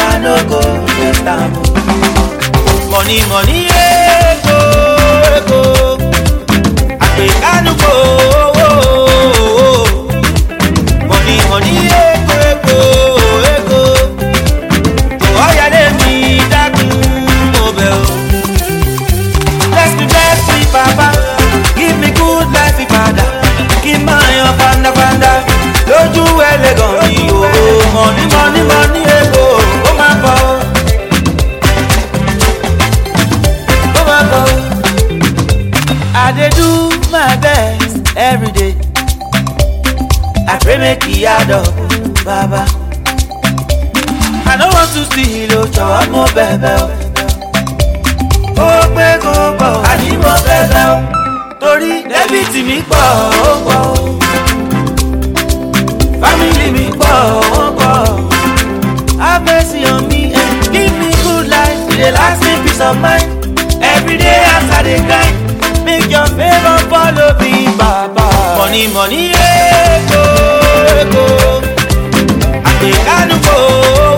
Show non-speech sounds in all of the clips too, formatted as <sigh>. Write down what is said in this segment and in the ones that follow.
i no go get am money money ego ego go. make e add up baba. I don't want to see lo jọ̀wọ́ mo bẹ̀bẹ̀ o. Ó oh, kó oh, àní mo bẹ̀bẹ̀ o. Torí dẹ́bìtì mi pọ̀ ó pọ̀ o. Fámìlì mi pọ̀ ó pọ̀ o. Abẹ́sí on me and eh. give me good life. E dey last me peace of mind. Every day as I dey grind. Make your favour follow me, Baba. Money, money, yeah, go. Oh. go. I can't go.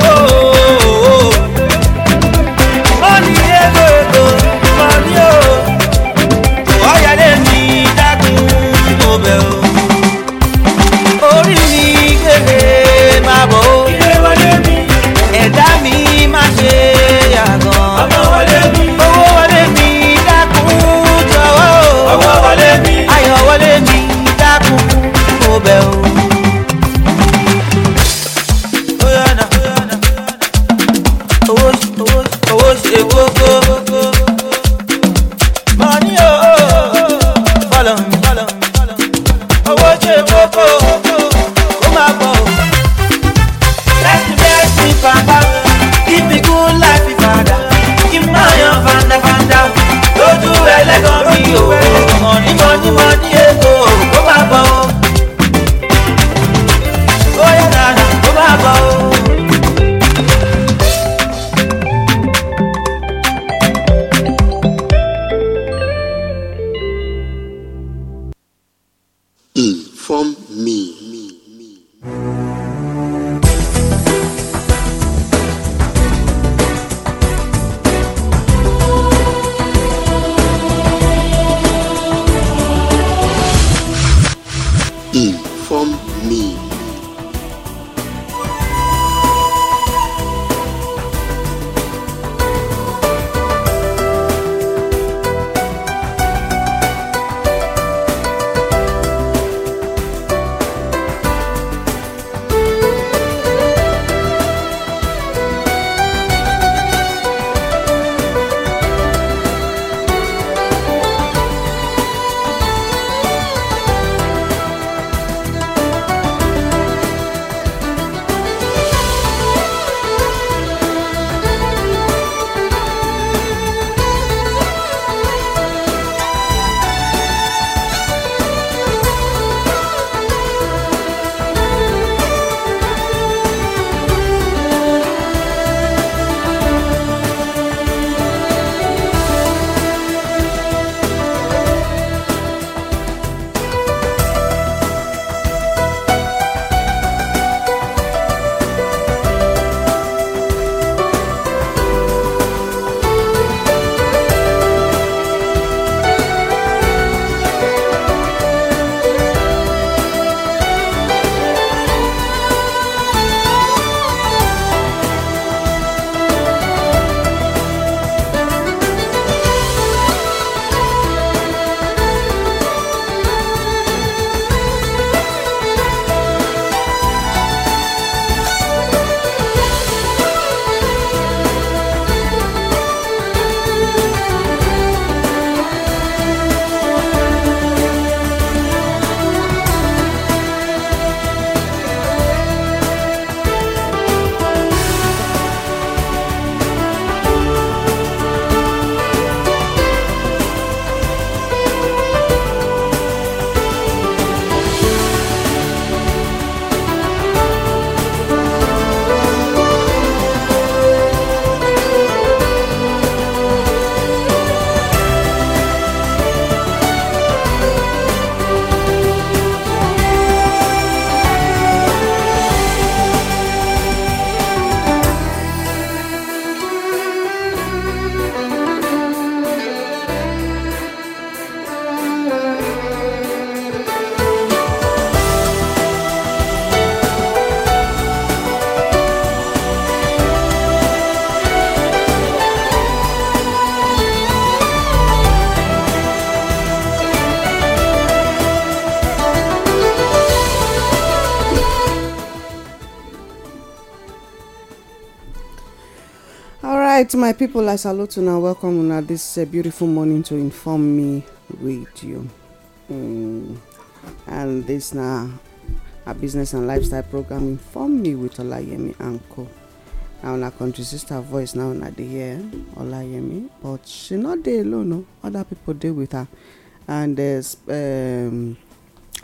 alright my people, i salute una welcome una dis uh, beautiful morning to inform me with radio mm. and dis na a business and lifestyle program inform me with olayemi anko na country sister voice now na dey hear olayemi but she not dey alone o other people dey with her and uh, um,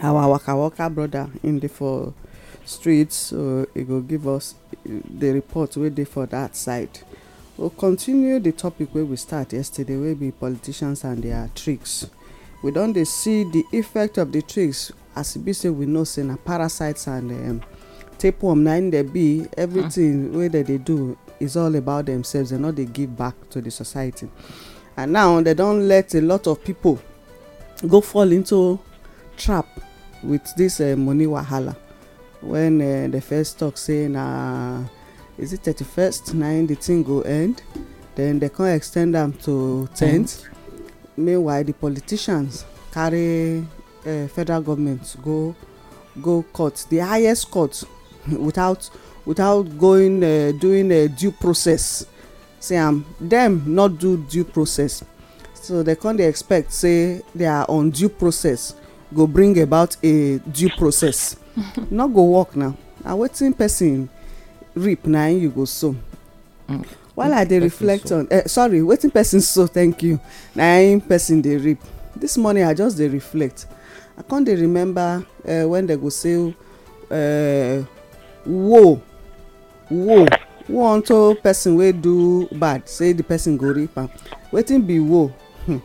our waka waka broda im dey for street so e go give us uh, the report wey dey for that side We'll continue the topic where we start yesterday, where be politicians and their tricks. We don dey see the effect of the tricks as e be say we know say na parasites and um, tapeworm na im dey be everything huh. Ah. wey dem dey do is all about themselves dem no dey give back to the society and now dem don let a lot of people go fall into trap with this uh, money wahala when uh, first talk say na is it thirty-first? na the thing go end then they come extend am to tenth. meanwhile the politicians carry uh, federal government go go court the highest court <laughs> without without going uh, doing a due process say am um, dem not do due process so they come dey expect say they are on due process go bring about a due process <laughs> no go work now na wetin person reap na im you go sow mm. while i dey reflect on eh, sorry wetin person sow thank you na im person dey reap this morning i just dey reflect i con dey remember eh, when dem go say eh, woe woe woe unto person wey do bad say the person go reap am wetin be woe hmm.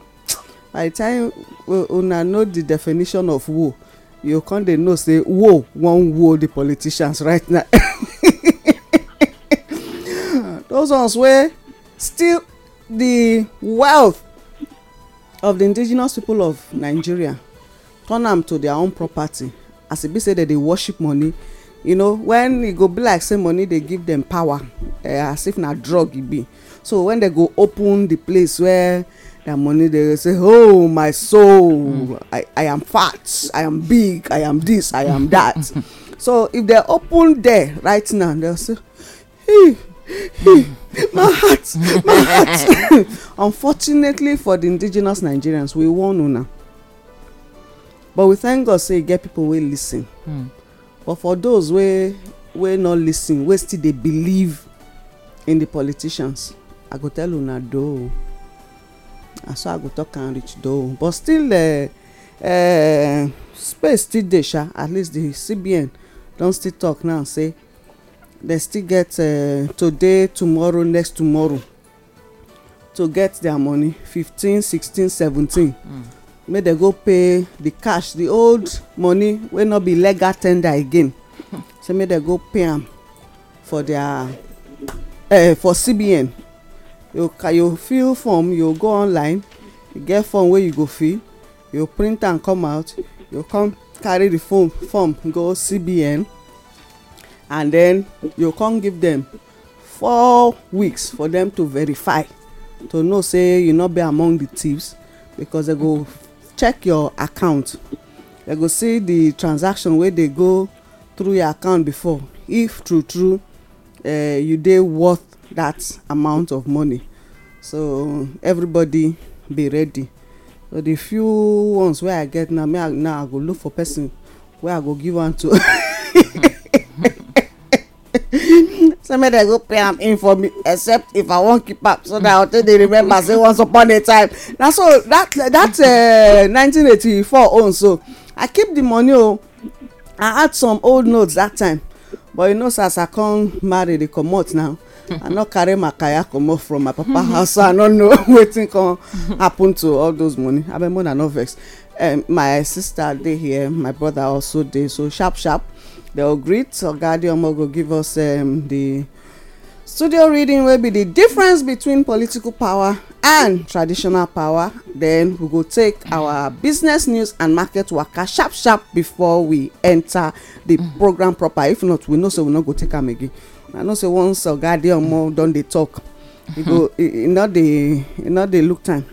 by the time oh, una know the definition of woe you con dey know say woe wan woe the politicians right now <laughs> those ones wey still the wealth of the indigenous people of nigeria turn am to their own property as e be say dem dey worship money you know when e go be like say money dey give them power uh, as if na drug e be so when they go open the place where their money dey say oh my soul mm. i i am fat i am big i am this i am that <laughs> so if they open there right now dem say hey <laughs> my heart my heart <laughs> unfortunately for the indigenous nigerians we won una but we thank god say e get people wey lis ten hmm. but for those wey wey no lis ten wey still dey believe in the politicians i go tell una doo na so i go talk am reach doo but still uh, space still dey sha at least the cbn don still talk now say They still get uh, today tomorrow next tomorrow to get their money fifteen sixteen seventeen hmm. May they go pay the cash the old money wey no be legal tender again <laughs> So may they go pay am for their uh, for cbn you you fill form you go online you get form wey you go fill you print am come out you come carry the form form go cbn and then you come give them four weeks for them to verify to know say you no be among the thieves because they go check your account They go see the transaction wey dey go through your account before if true true uh, you dey worth that amount of money so everybody be ready so the few ones wey i get now me i now i go look for person wey i go give am to <laughs> say make dem go pay am in for me except if i wan keep am so that i go take dey remember say once upon a time na so that that uh, eh, 1984 own so i keep the money o oh. i add some old notes that time but you know say as i come marry dey comot now i no carry my kaya comot from my papa house so i no know <laughs> wetin come happen to all those money abeg make una no vex um, my sister dey here my brother also dey so sharp sharp they will greet ogadi go give us um, the studio reading wey be the difference between political power and traditional power then we go take our business news and market waka sharp sharp before we enter the mm-hmm. program proper if not we know say so we no go take am again i know say once ogadi omo don dey talk e go e no dey e no dey look time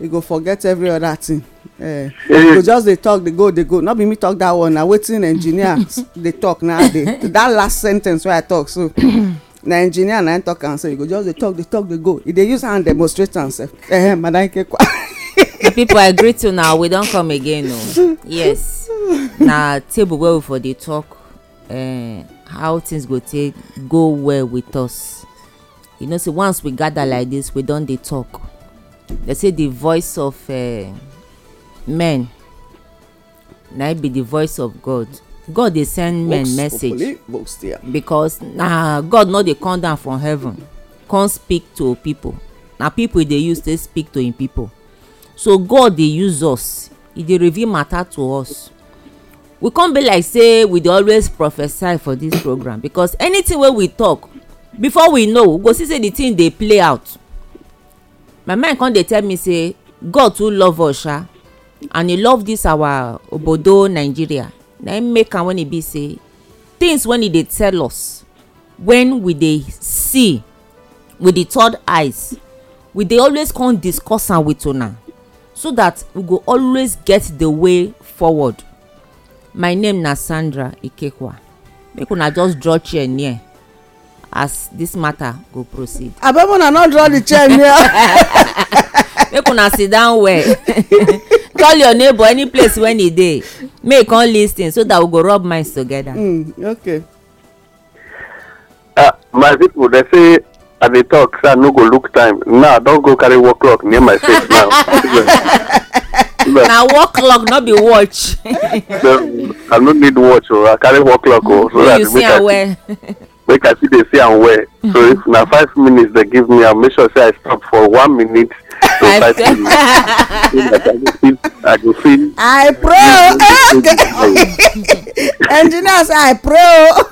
e go forget every other thing eh you eh. go just dey talk dey go dey go not be me talk that one na wetin engineer, <laughs> dey talk nowadays that last sentence wey i talk so <clears throat> na engineer na him talk am so you go just dey talk dey talk dey go e dey use hand demonstrate am sef ehem eh, madam kekwa. the <laughs> people i greet you now we don come again o oh. yes na table wey we for dey talk uh, how things go take go well with us you know say once we gather like this we don dey talk they say the voice of. Uh, men na be the voice of god god dey send men books, message books, yeah. because na god no dey come down from heaven come speak to people na people e dey use take speak to him people so god dey use us He dey reveal matter to us we come be like say we dey always prophesy for this program because anything wey we talk before we know we go see say the thing dey play out my mind come dey tell me say god too love us sha and e love this our obodo nigeria na im make am wen e be say things wen he dey tell us when we dey see with the third eyes we dey always come discuss am with una so that we go always get the way forward my name na sandra ikekwa make una just draw chair near as this matter go proceed. abeg una no draw the chair near. <laughs> make una sit down well. <laughs> call your neighbor any place when e dey make e come lis ten so that we go rub minds together. Mm, okay. Uh, my people dey say i dey talk say i no go look time now nah, don go carry work clock near my face now. <laughs> na work clock no be watch. i no need watch o oh, i carry work clock o. Oh, so that make i well. make i see dey see am well. so if na five minutes dey give me i make sure say i stop for one minute I, feel. I feel. I pray. Okay. Engineers, I pro.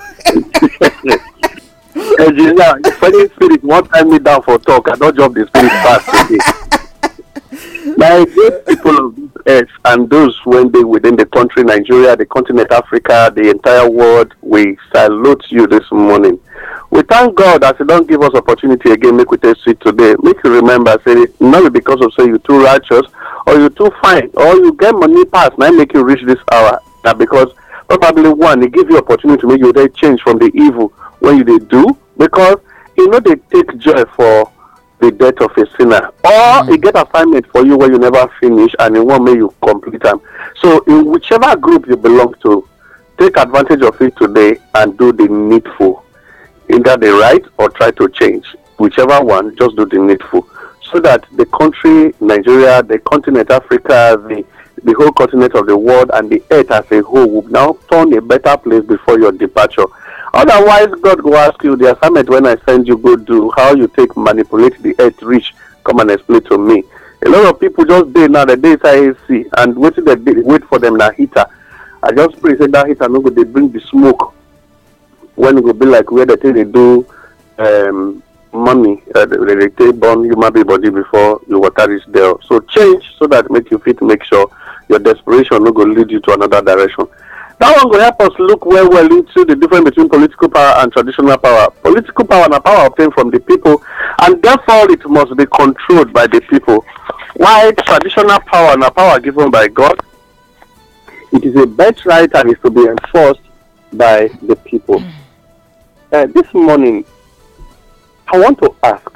Engineer, funny spirit won't tie me down for talk. I don't drop the spirit fast. My good people of this earth and those when they within the country, Nigeria, the continent, Africa, the entire world, we salute you this morning. We thank God as He don't give us opportunity again, make we take it today. Make you remember, say, not because of say you too righteous or you too fine or you get money pass, might make you reach this hour. That because probably one, He give you opportunity to make you they change from the evil when you they do, because you know they take joy for the death of a sinner. Or mm. he get assignment for you where you never finish and won't make you complete them. So in whichever group you belong to, take advantage of it today and do the needful. either they write or try to change. Whichever one, just do the needful. So that the country, Nigeria, the continent, Africa, the, the whole continent of the world, and the earth as a whole will now turn a better place before your departure. Otherwise, God will ask you the assignment when I send you, go do how you take manipulate the earth reach. Come and explain to me. A lot of people just dey now, the day IAC, and waiting the wait for them, na heater. I just pray say that heater no go dey bring the smoke when it will be like where the thing they do um, mummy, uh, they, they take born human be body before your water is there. So change so that make you fit make sure your desperation will go lead you to another direction. That one will help us look where we're into the difference between political power and traditional power. Political power and power obtained from the people and therefore it must be controlled by the people. While traditional power and power given by God, it is a birthright and is to be enforced by the people. Mm. Uh, this morning, I want to ask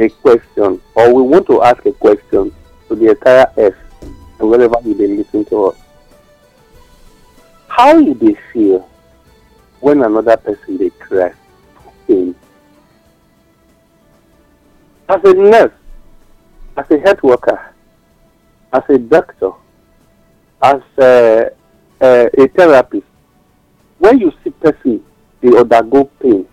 a question, or we want to ask a question to the entire earth and wherever you have been listening to us. How do they feel when another person they cry in? As a nurse, as a health worker, as a doctor, as a, uh, a, uh, a therapist, when you see person they undergo pain.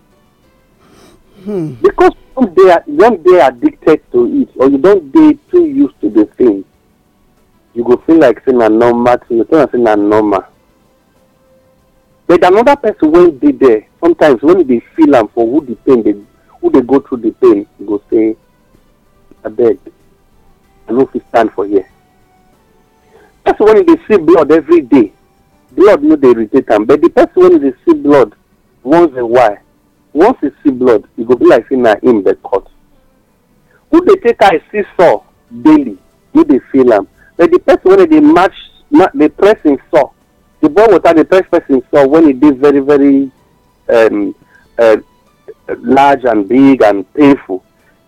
Hmm. Because when they are when they are addicted to it or you don't dey too used to the thing, you go feel like say na normal thing, you feel like say normal. But another person when they there, sometimes when they feel and for who the pain dey who they go through the pain, you go say, abeg, I no fit stand for here. That's when they see blood every day, blood no they irritate am, but the person when they see blood once in a while once he see blood e go be like say na him dey cut who dey take eye see saw daily no dey feel am but the person wey dey match dey press him saw the boil water dey press person saw when e dey very very um, uh, large and big and painful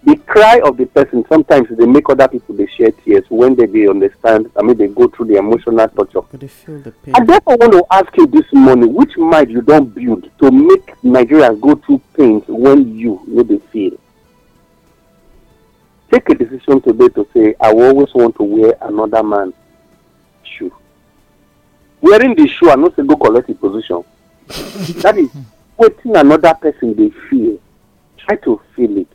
the cry of the person sometimes they make other people they share tears when they, they understand i mean they go through the emotional torture but they feel the pain. i therefore want to ask you this morning which mind you don't build to make nigerians go through pains when you know they feel take a decision today to say i always want to wear another man's shoe wearing the shoe i not say go collect the position <laughs> that is waiting another person they feel try to feel it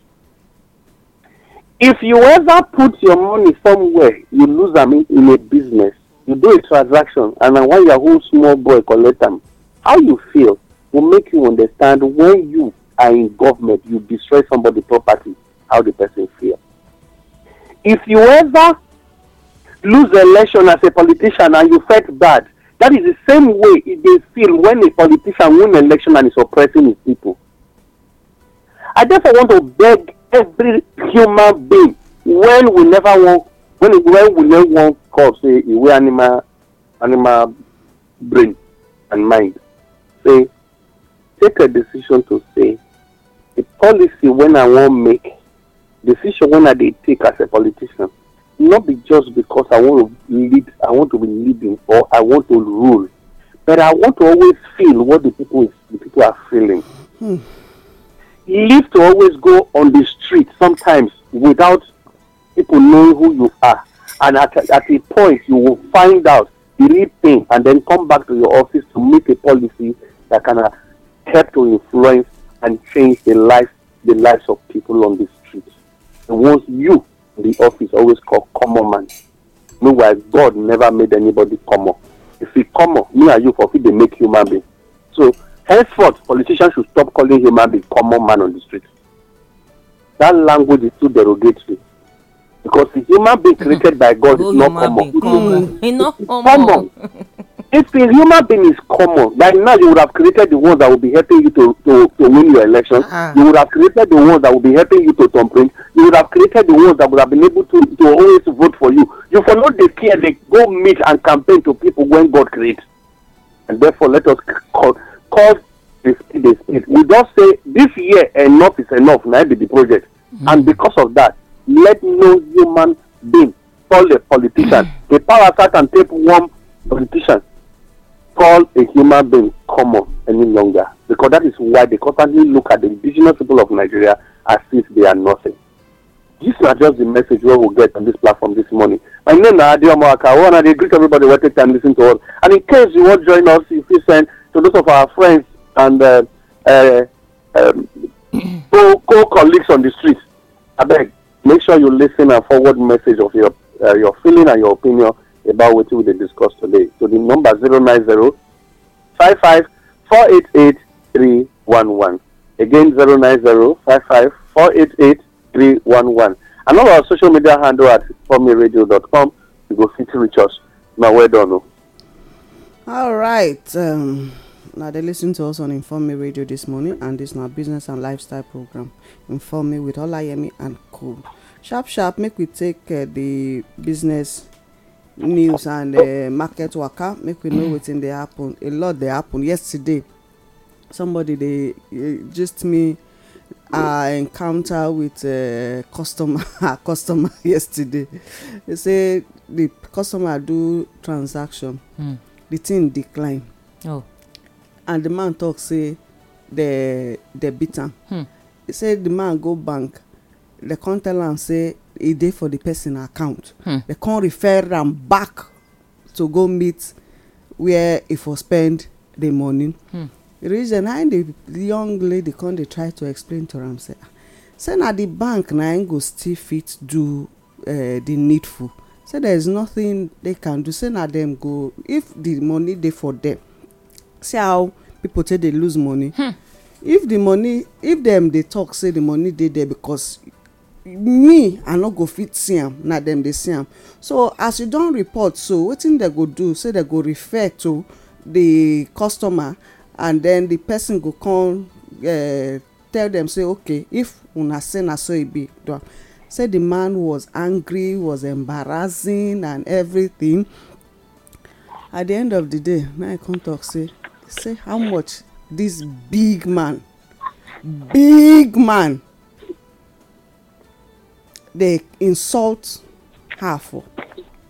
if you ever put your money somewhere you lose am in a business you do a transaction and na one your whole small boy collect am how you feel go make you understand when you are in government you destroy somebody property how the person feel if you ever lose election as a politician and you felt bad that is the same way e dey feel when a politician win election and is oppressing his people i therefore want to beg every human being when we never wan when when we never wan call say e animal animal brain and mind say take a decision to say the policy when i wan make decision when i dey take as a politician no be just because i want to lead i want to be leading or i want to rule but i want to always feel what the people the people are feeling. Hmm live to always go on the street sometimes without people knowing who you are. And at, at a point, you will find out the real thing and then come back to your office to make a policy that can uh, help to influence and change the lives, the lives of people on the street. The ones you the office always called common man. Meanwhile, God never made anybody common. If he common, me and you for fit they make human being. So henceforth politicians should stop calling human being common man on the street that language is too derogatory because the human being created by god is oh, not common common if the human being is common by now you would have created the ones that will be helping you to to to win your election uh-huh. you would have created the ones that will be helping you to thumbprint you would have created the ones that would have been able to to always vote for you you for no dey care dey go meet and campaign to people when god create and therefore let us call call the speed a speed we just say this year enough is enough Now be the project mm. and because of that let no human being call a politician a parasite can take one politician call a human being common any longer because that is why they constantly look at the indigenous people of nigeria as if they are nothing this na just the message we will get on this platform this morning my name na adeomo akawo and i dey greet everybody wey take time lis ten to us and in case you want to join us if you send to those of our friends and uh, uh, um, <coughs> co co colleagues on the street beg make sure you listen and forward message of your uh, your feeling and your opinion about what we dey discuss today so the number zero nine zero five five four eight eight three one one again zero nine zero five five four eight eight three one one and all our social media handle at formiradio.com you go fit reach us Now well done oh. all right. Um... Now they listen to us on Inform Me Radio this morning, and this now business and lifestyle program. Inform Me with Olayemi and Co. Sharp, sharp, make we take uh, the business news and uh, market worker make we know what's in the happen. A lot they happen yesterday. Somebody they just eh, me uh, encounter with a uh, customer <laughs> customer <laughs> yesterday. They say the customer do transaction, mm. the thing decline. Oh and the man talk say dem beat am say the man go bank dem come tell am say e dey for the person account dem hmm. come refer am back to go meet where e for spend the money reach hmm. there na the young lady come dey try to explain to am say ah, say na the bank na im go still fit do eh, the needful say there is nothing they can do say na them go if the money dey for them see how people take dey lose money hmm. if the money if dem dey talk say the money dey there because me i no go fit see am na dem dey see am so as you don report so wetin dem go do say dem go refer to the customer and then the person go come uh, tell dem say okay if una say na so e be do am say the man was angry was embarrassing and everything at the end of the day na i come talk say say how much this big man big man dey insult her for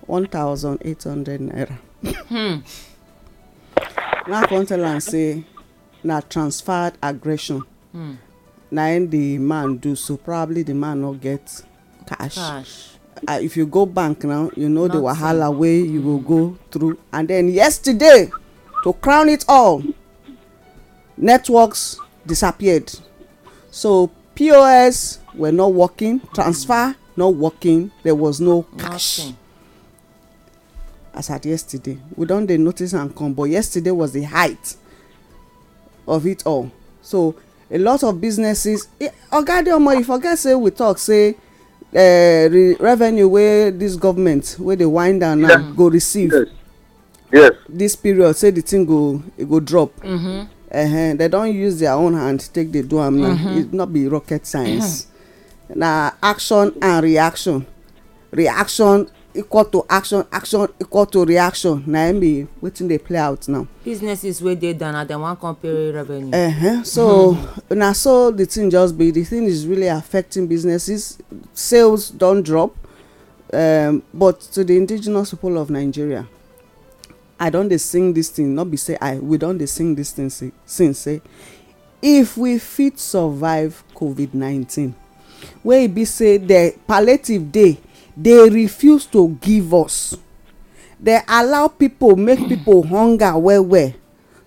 one thousand eight hundred naira hmm. <laughs> na come tell am say na transferred aggression mm. na im the man do so probably the man no get cash. cash. Uh, if you go bank now you know Not the wahala so. wey you go go through and then yesterday to crown it all networks disappeared so pos were not working transfer not working there was no cash as at yesterday we don dey notice am come but yesterday was the height of it all so a lot of businesses eh, oga adeomo you forget say we talk say uh, re revenue wey this government wey dey wind down now yeah. go receive. Yes yes this period say the thing go e go drop mm-hmm. uh -huh. They don use their own hand take dey do am now e no be rocket science mm-hmm. na action and reaction reaction equal to action action equal to reaction na im e be wetin dey play out now. businesses wey dey down na dem wan come pay revenue. Uh -huh. so mm-hmm. na so the thing just be the thing is really affecting businesses sales don drop um, but to the indigenous people of nigeria i don dey sing this thing not be say i we don dey sing this thing since say if we fit survive covid nineteen, wey e be say the palliative dey dey refuse to give us dey allow people make people <clears throat> hunger well well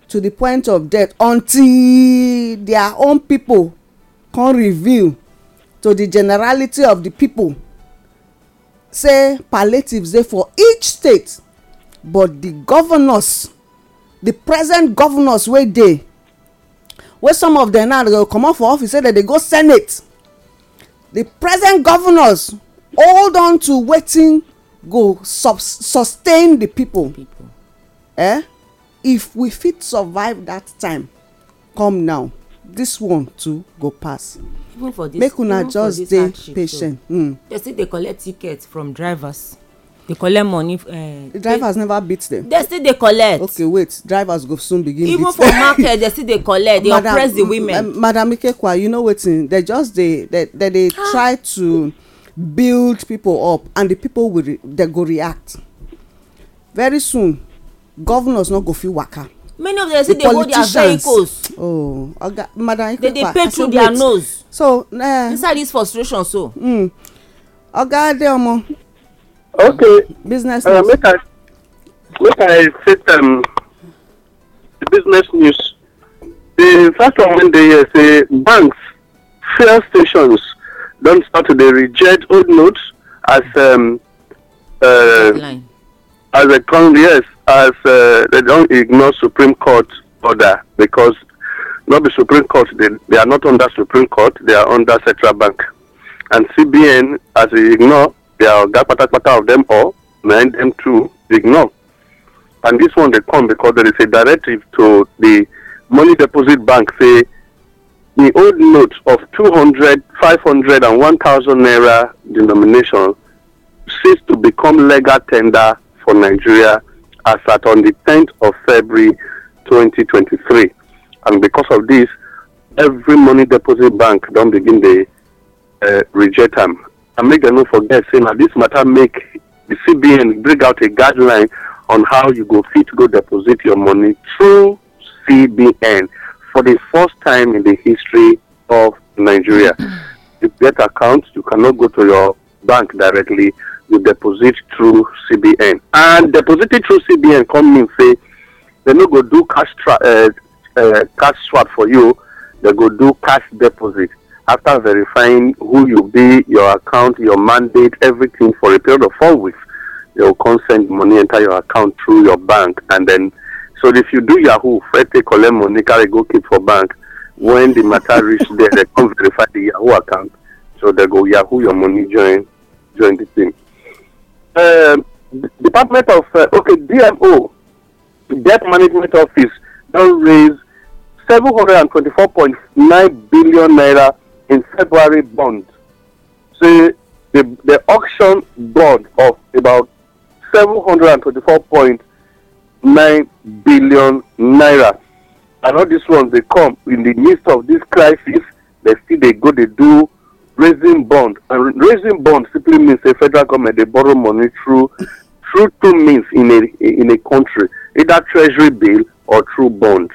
to the point of death until their own people come reveal to the generality of the people say palliatives dey for each state but the governors the present governors wey dey wey some of them now go comot for office say dem dey go senate The present governors hold on to wetin go sustain di people. eh if we fit survive that time come now This one too go pass make una just dey patient. dem hmm. still dey collect tickets from drivers dey collect money. Uh, drivers they, never beat them. they still dey collect. okay wait drivers go soon begin even beat even for market they still dey collect they madam, oppress the women. madam ikekwa you know wetin they just dey they they dey ah. try to build people up and the people will they go react very soon governors no go fit waka many of them say they hold their vehicles. oh oga madam ikekwa they dey pay through their nose. so uh, inside this frustration so. Mm, oga adeomo Okay. Business uh, news. Uh, make, I, make I um, the business news. The first one when they say banks, fuel stations don't start to reject old notes as um uh, as a Yes, as uh, they don't ignore Supreme Court order because not the Supreme Court they, they are not under Supreme Court they are under Central Bank and CBN as they ignore they are that pata pata of them all, nine them two, ignore. And this one they come because there is a directive to the money deposit bank say the old notes of 200, 500 and 1000 naira denomination cease to become legal tender for Nigeria as at on the 10th of February 2023. And because of this, every money deposit bank don't begin the uh, eh, reject them. and make them no forget say na this matter make the cbn bring out a guideline on how you go fit go deposit your money through cbn for the first time in the history of nigeria you get account you cannot go to your bank directly you deposit through cbn and depositing through cbn come mean say they no go do cash uh, uh, cash swap for you They go do cash deposit after verifying who you be, your account, your mandate, everything for a period of four weeks, they will consent money enter your account through your bank. And then, so if you do Yahoo, Fred take collect money, carry go keep for bank. When the matter reach there, they come verify the Yahoo account. So they go Yahoo your money join join the thing. Um, Department of uh, okay DMO, Debt Management Office, don't raise 724.9 billion naira in February bond. See, the, the auction bond of about seven hundred and twenty four point nine billion naira. And all these ones, they come in the midst of this crisis, they still they go, they do raising bond. And raising bond simply means the federal government, they borrow money through through two means in a in a country, either treasury bill or through bond.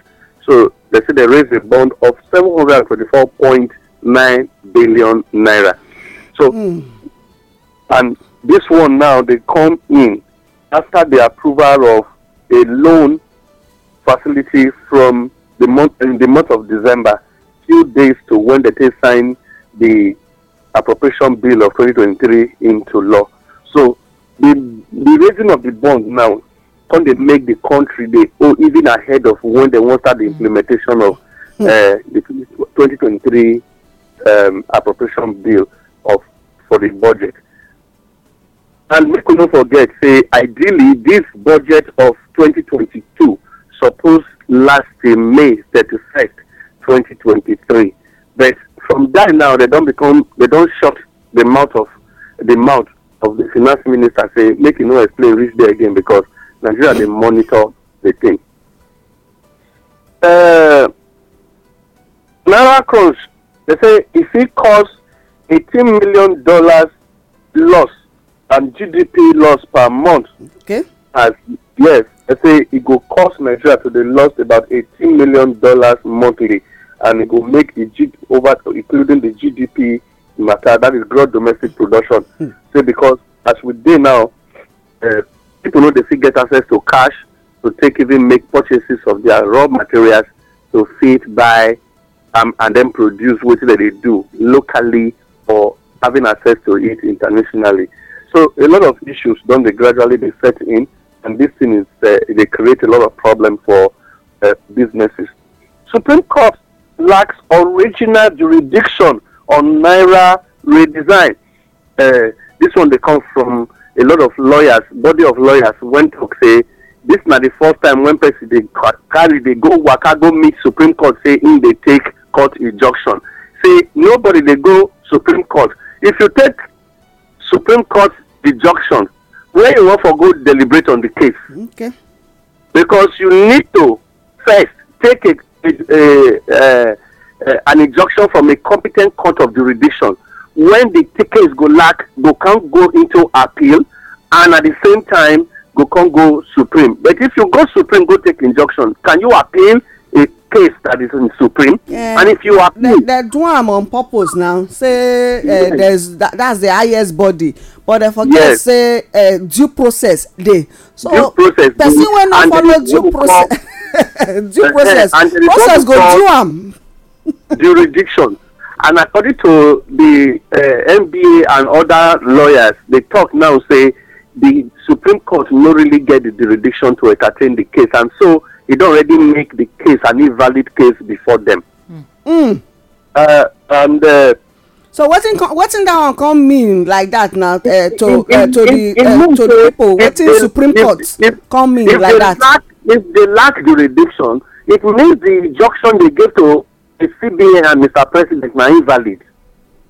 So they say they raise a bond of seven hundred and twenty four point nine billion naira. So, mm. and this one now they come in after the approval of a loan facility from the month in the month of December, few days to when they sign the appropriation bill of 2023 into law. So the the raising of the bond now can they make the country they owe even ahead of when they want start the hmm. implementation of uh, the 2023 um, appropriation bill of for the budget. And make we no forget, say ideally this budget of 2022 suppose last in May 31st, 2023. But from that now, they don't become they don't shut the mouth of the mouth of the finance minister say make you no explain reach there again because Nigeria dey monitor the thing. Uh, Naira crunch They say if it costs $18 million dollars loss and GDP loss per month, okay. as yes, they say it will cost Nigeria to the loss about $18 million dollars monthly and it will make the G, over, including the GDP matter, that is gross domestic production. Hmm. Say because as we do now, uh, people know they fit get access to cash to take even make purchases of their raw materials to fit buy um, and then produce what they do locally or having access to it internationally. So a lot of issues don't they gradually be set in, and this thing is uh, they create a lot of problem for uh, businesses. Supreme Court lacks original jurisdiction on naira redesign. Uh, this one they come from a lot of lawyers, body of lawyers went to say this not the first time when President dey carry dey go waka go meet supreme court say in they take court injunction say nobody dey go supreme court if you take supreme court injunction where you wan for go deliberate on the case okay. because you need to first take a, a, a, a an injunction from a competent court of jurisdiction when the case go lack go come go into appeal and at the same time go come go supreme but if you go supreme go take injunction can you appeal case that is in supreme. Yeah. and if you are, they they do am on purpose now say uh, yes. there's that, that's the highest body but they forget yes. say uh, due process dey. so due process person wey no follow due <laughs> eh, process due process process go do am. <laughs> jurisdiction and according to the uh, nba and other lawyers they talk now say the supreme court no really get the jurisdiction to entertain the case and so it already make the case an invalid case before them. Mm. Uh, and. Uh, so wetin wetin that one come mean like that na uh, uh, to uh, to the uh, to the people wetin supreme court come mean like that. Lack, if they lack jurisdiction it means the injunction they give to the cbn and mr president na invalid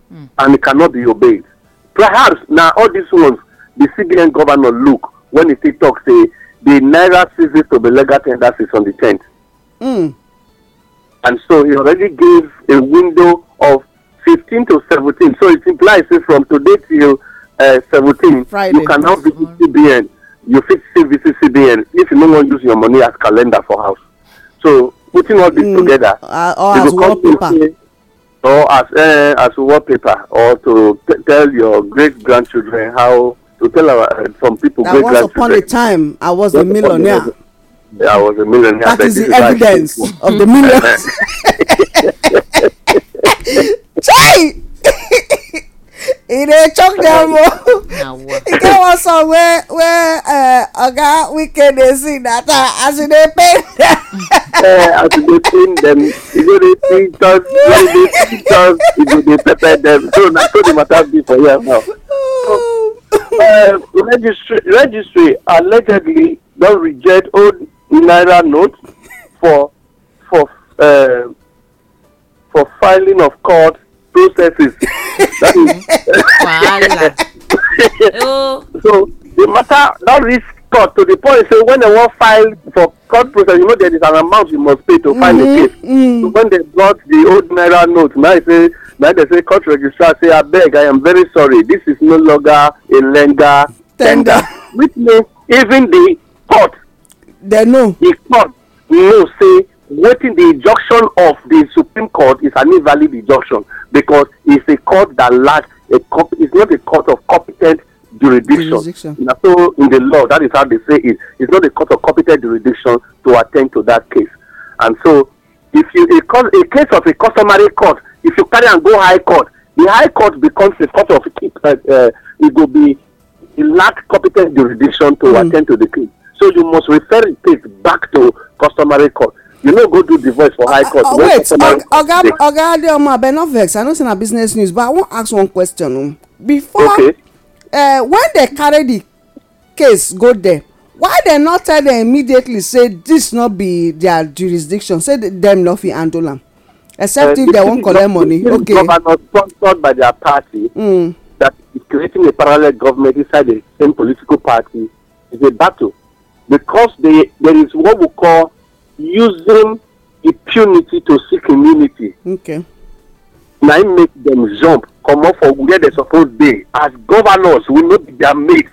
mm. and it cannot be obeyed perhaps na all these ones the cbn governor look when he still talk say the naira ceases to be legal tender is on the tenth, Mm. And so he already gave a window of fifteen to seventeen. So it implies that from today till uh, 17, you can now visit CBN. You fit still visit CBN if you don't want use your money as calendar for house. So putting all this mm, together, uh, or as wallpaper. Or as, uh, as wallpaper, or to tell your great grandchildren how to tell our some people. That once upon a time, I was a millionaire. Yeah, I was a millionaire. That is the evidence of the millions. <laughs> Chai! <laughs> e dey choke dem o e get one song wey wey oga wike dey sing na ta as e dey pain dem. <laughs> Eh, as e dey pain dem e go dey sing church e go dey sing church e go dey pepper dem so na so the matter be for here now. Oh. Uh, registry, registry allegedly don reject old naira note for for uh, for filing of court processes. that is. <laughs> <laughs> Oh. so the matter don reach thought to the point say when dem wan file for court process you know there is an amount you must pay to file a mm-hmm. case mm-hmm. so when they brought the old naira note na say na they say court registrar say abeg i am very sorry this is no longer a lender tender <laughs> which means even the court they know the court know say wetin the injunction of the supreme court is an invalid injunction because it's a court that lack a cop it's not a court of competent jurisdiction. jurisdiction. Now, so in the law, that is how they say it. It's not a court of competent jurisdiction to attend to that case. And so, if you a, a case of a customary court, if you carry and go high court, the high court becomes a court of uh, uh, it will be it lack competent jurisdiction to mm. attend to the case. So you must refer the case back to customary court. you no go do divorce for high uh, court. Uh, uh, wait oga oga adeomo abeg no vex i know say na business news but i want ask one question. before okay. Eh, when they carry the case go there. why they not tell them immediately say this no be their jurisdiction say them no fit handle am except eh, if dem wan collect money okay. governor sponsored by their party hmm. that is creating a parallel government inside the same political party is a battle because they, there is what we call using impunity to seek immunity. Okay na im make dem jump comot for wia dem suppose dey as governors we no be their mates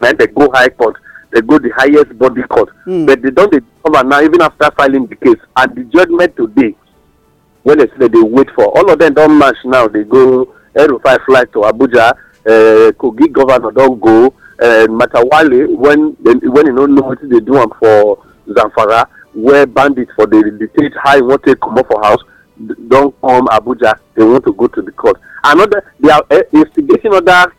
na im dey go high court dey go the highest body court hmm. but they don dey discover now even after filing the case and the judgment today wey dem say dem dey wait for all of dem don match now dey go air five flight to abuja eh, kogi governor don go eh, matawale when when e no know wetin dey do am for zamfara where bandits for dey dictate how e wan take comot for house don't come Abuja, they want to go to the court. Another, they are uh, eh, instigating other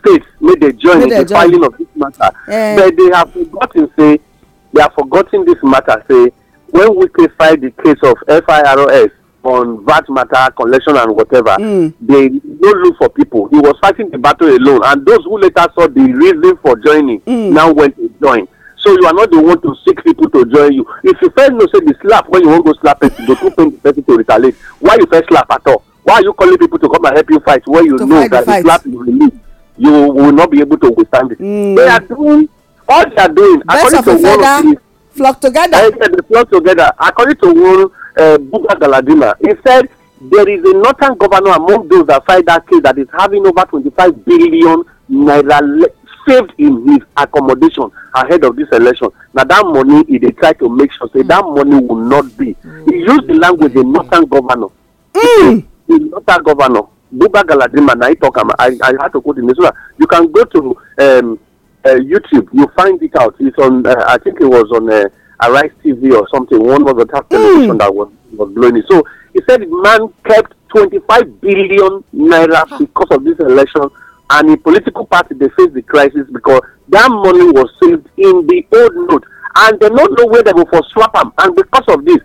states, may they join in the join. filing of this matter. Uh, but they have forgotten, say, they have forgotten this matter, say, when Wike filed the case of FIROS on VAT matter, collection and whatever, mm. they don't look for people. He was fighting the battle alone, and those who later saw the reason for joining mm. now went to join so you are not the one to seek people to join you if you first know say the slap when you wan go slap person go too pain the person to retaliate why you first slap at all why are you calling people to come and help you fight when you to know that the slap you release you will not be able to withstand it. Mm. they are doing all they are doing Best according to one of the flock together. Uh, they flock together according to one uh, eh, buga galadima he said there is a northern governor among those that fight that case that is having over twenty-five billion naira saved in his accommodation ahead of this election na that money he dey try to make sure say that money will not be He mm. use the language a northern governor a mm. northern governor buba galadima na e tok am i i had to quote him name so that you can go to um, uh, youtube you find it out it's on uh, i think it was on uh, arise tv or something one was the top mm. television that was was blowing it so he said the man kept twenty-five billion naira because of this election and the political party they face the crisis because that money was saved in the old note and they don't know where they go for swap am and because of this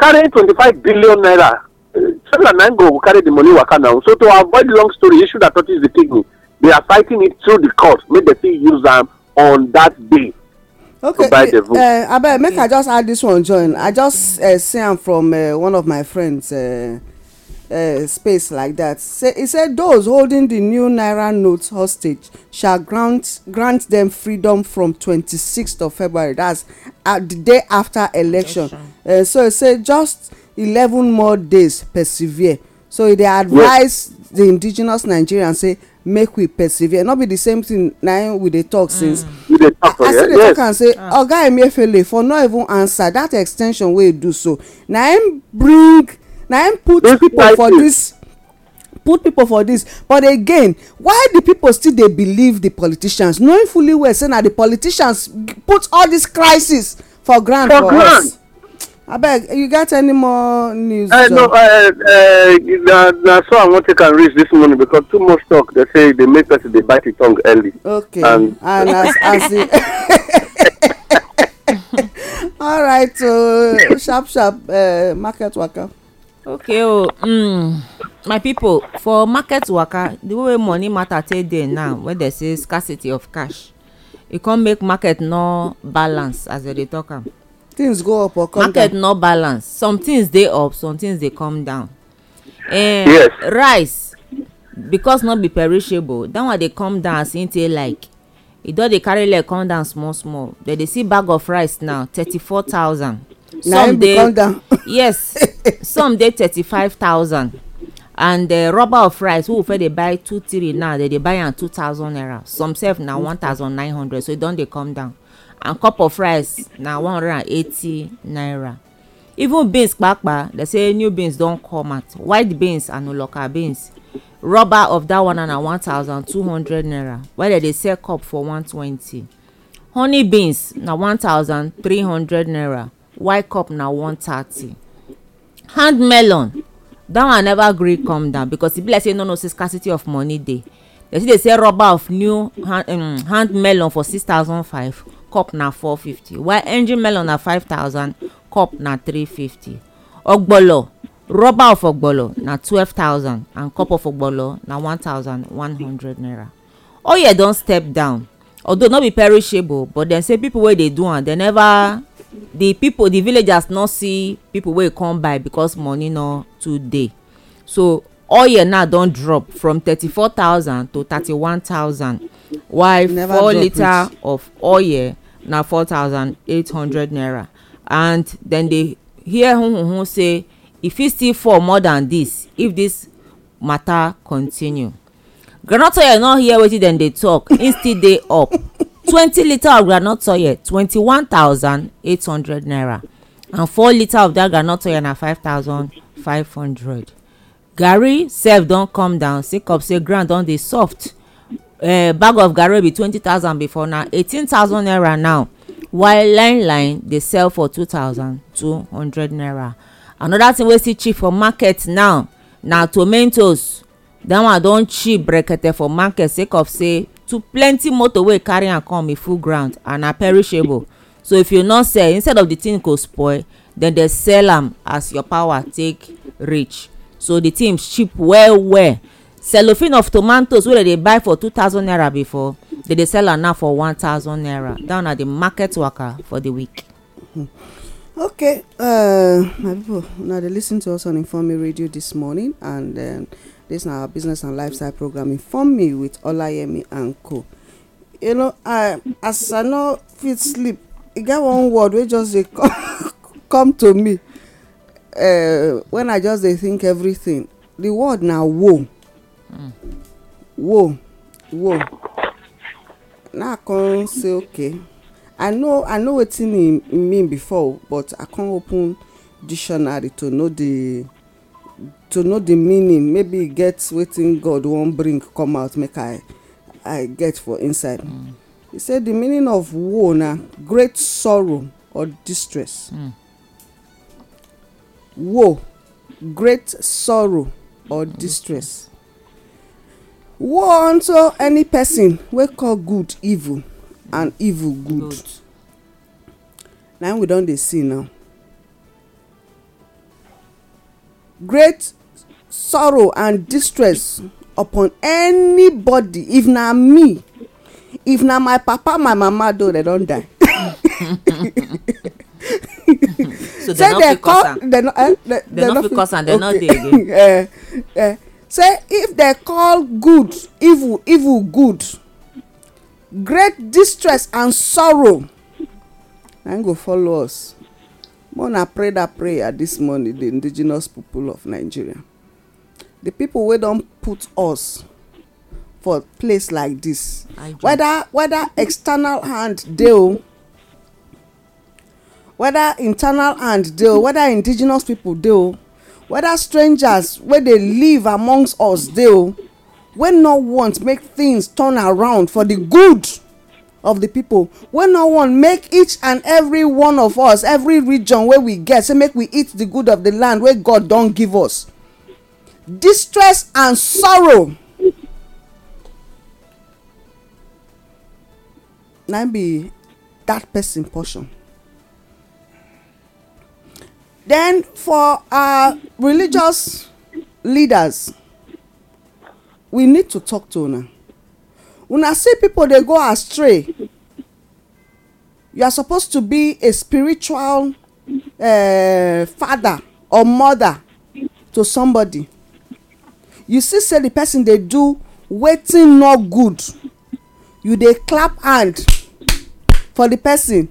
carrying twenty-five billion naira seven and nine go carry the money waka now so to avoid long story issue that touches the kidney they are fighting it through the court make they fit use am on that day. okay eh, eh, abeg make i just add this one join i just uh, see am from uh, one of my friends. Uh, Eh, space like that say he said those holding the new naira notes hostage shall grant grant them freedom from 26th of february that's uh, the day after election uh, so he say just 11 more days persevere so he dey advise yes. the indigenous nigerians say make we persevere no be the same thing na we dey talk mm. since i still dey talk am say ah. oga emefiele for no even answer that ex ten sion wey e do so na him bring na im put pipo for dis put pipo for dis but again why di pipo still dey believe di politicians knowing fully well say na di politicians put all dis crisis for ground for us abeg you get any more news eh, john eh, eh, no na so i wan take am reach this morning because too much talk dey say dey make person dey bite the tongue early okay and as as e <laughs> all right so sharp sharp market waka okay o oh, um, my people for market waka the way money matter take dey now wey dey say scarcity of cash e come make market no balance as dem dey talk am. things go up or come market down market no balance some things dey up some things dey come down. Uh, yes rice because no be perishable that one dey come down as e take like e don dey carry leg come down small small dem dey see bag of rice now thirty-four thousand some dey <laughs> yes some dey thirty-five thousand and the rubber of rice wey we fit dey buy two three now dem dey buy am two thousand naira some sef na one thousand nine hundred so e don dey come down and cup of rice na one hundred and eighty naira even beans kpakpa dey say new beans don come out white beans and oloka beans rubber of that one na one thousand two hundred naira while dem dey sell cup for one twenty honey beans na one thousand three hundred naira white cup na one thirty hand melon that one never gree come down because e be like say no know say scarcity of money dey dem see dey sell rubber of new hand, um, hand melon for six thousand five cup na four fifty while engine melon na five thousand cup na three fifty ogbolo rubber of ogbolo na twelve thousand and cup of ogbolo na one thousand one hundred naira oil don step down although no be perishable but dem say people wey dey do am dem never the people the villagers no see people wey come by because money no too dey so oil now don drop from thirty-four thousand to thirty-one thousand while Never four litre of oil na four thousand eight hundred naira and then they hear huhuhu say e fit still fall more than this if this matter continue groundnut oil no hear wetin dem dey talk e still dey up twenty litre of groundnut oil twenty-one thousand eight hundred naira and four litre of that groundnut oil na five thousand five hundred garri sef don come down sake of say ground don dey soft uh, bag of garri be twenty thousand before na eighteen thousand naira now while line line dey sell for two thousand two hundred naira another thing wey still cheap for market now na tomatoes that one don cheap brekete for market sake of say to plenty motor wey carry am come e full ground and na perishable so if you no sell instead of the thing go spoil then dey sell am as your power take reach so the thing cheap well well cellophane of tomatoes wey dem dey buy for two thousand naira before dem dey sell am now for one thousand naira that na the market waka for the week. Hmm. okay uh, my people una dey lis ten to us on informe radio this morning and. Um, This is our business and lifestyle program. Inform me with Olayemi and Co. You know, I as I no fit sleep, e get one word wey just dey <laughs> come to me uh, when I just dey think everything. The word na woe. Mm. Woe, woe. Now I come say okay. I know I know wetin e mean before, but I come open dictionary to know the to know the meaning maybe get wetin god wan bring come out make i i get for inside mm. He say the meaning of woe na great sorrow or distress mm. woe great sorrow or mm. distress woe unto any person wey call good evil and evil good na we don dey see now great sorrow and distress upon anybody if na me if na my papa my mama though dem don die <laughs> so say dem call dem eh dem no fit cause am dem no dey again <laughs> eh, eh. say if dem call good evil evil good great distress and sorrow na go follow us mona pray dat prayer this morning The indigenous people of nigeria the people wey don put us for place like this, whether whether external hand dey o whether internal hand dey o whether indigenous people dey o whether strangers wey dey live amongst us dey o wey no want make things turn around for the good of the people wey no wan make each and every one of us every region wey we get say make we eat the good of the land wey god don give us distress and sorrow na be that person portion then for our religious leaders we need to talk to una una see people dey go astray you are supposed to be a spiritual uh, father or mother to somebody you see say the person dey do wetin no good you dey clap hand for the person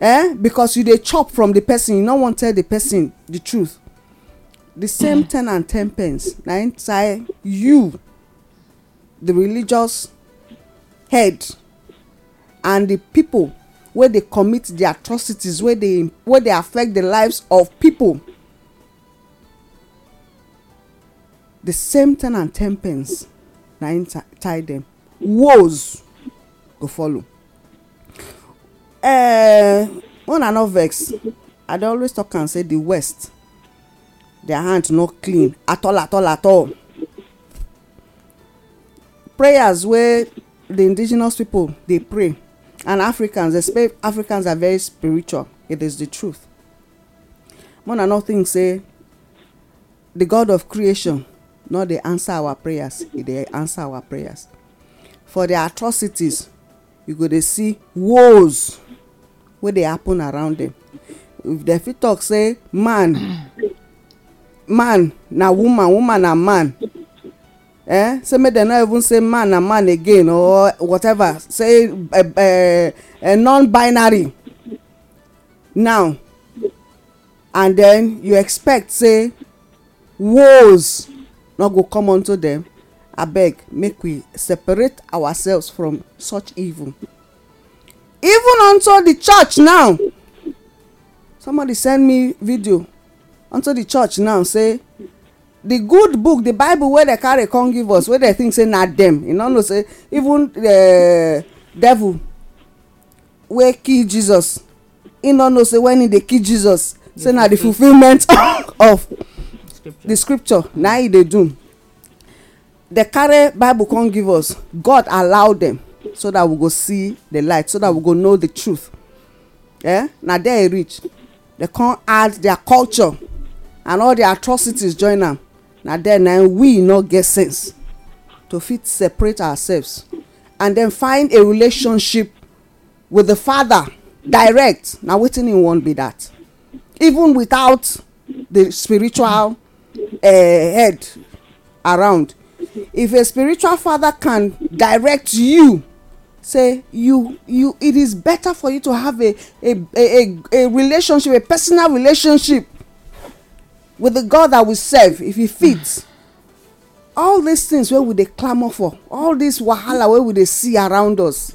eh because you dey chop from the person you no wan tell the person the truth the same ten and ten pence na inside you the religious head and the people wey dey commit the atrocities wey dey affect the lives of people. The same ten and ten pence na im tie them woes go follow eh one and no vex i dey always talk am say the west Their hand no clean at all at all at all prayers wey the indigenous people they pray and africans especially africans are very spiritual it is the truth one another thing say the god of creation no dey answer our prayers he dey answer our prayers for the atrocities you go dey see wars wey dey happen around them if dem fit talk say man man na woman woman na man eh say make dem no even say man and man again or whatever say eh, eh, eh, non-binary now and then you expect say woes no go come unto dem abeg make we separate ourselves from such evil even unto the church now somebody send me video unto the church now say the good book the bible wey dem carry come give us wey dem think say na dem you no know say even the eh, devil wey kill jesus he no know say when he dey kill jesus say na the fulfilment <laughs> of the scripture na he dey do dem carry bible come give us god allow dem so that we go see the light so that we go know the truth eh na there e reach dem come add their culture and all their atrocities join am na then na we no get sense to fit separate ourselves and then find a relationship with the father direct na wetin im wan be that even without the spiritual uh, head around if a spiritual father can direct you say you you it is better for you to have a a a, a relationship a personal relationship with the god that we serve if e fits, all these things wey we dey clamour for all this wahala wey we dey see around us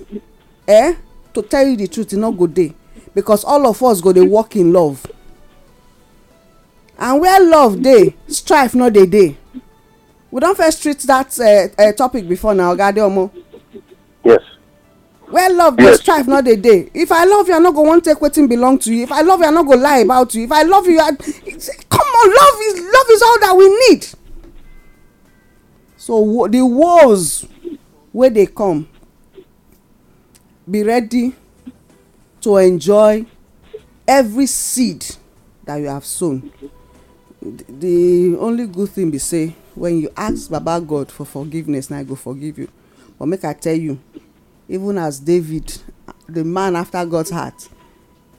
eh to tell you the truth e no go dey because all of us go dey work in love and where love dey strife no dey dey we don first treat that uh, uh, topic before now, oga adeomo. yes. where love dey yes. strife no dey dey if i love you i no go wan take wetin belong to you if i love you i no go lie about you if i love you i come Oh, love is love is all that we need. So the wars wey dey come be ready to enjoy every seed that you have sown. The only good thing be say when you ask baba God for forgiveness na he go forgive you. But make I tell you even as David the man after God's heart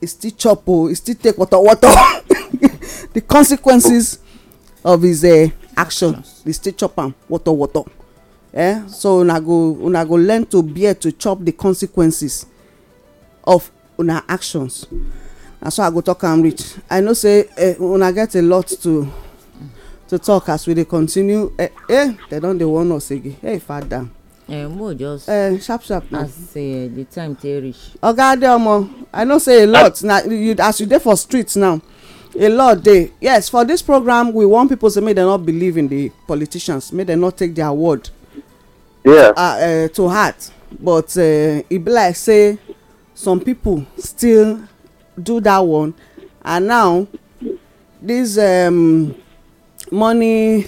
e still chop o oh. e still take water water <laughs> the consequences of his uh, action e still chop am water water eh so una go una go learn to bear to chop the consequences of una actions na so i go talk am reach i know say uh, una get a lot to to talk as we dey continue eh eh dem don dey warn us again hey father. Um, we'll just uh, sharp sharp as uh, the time dey reach. oga adeomo i know say a lot ah. na you as you dey for street now a lot dey yes for this program we warn people say make dem no believe in the politicians make dem no take their word yeah. uh, uh, to heart but uh, e be like say some people still do that one and now this um, money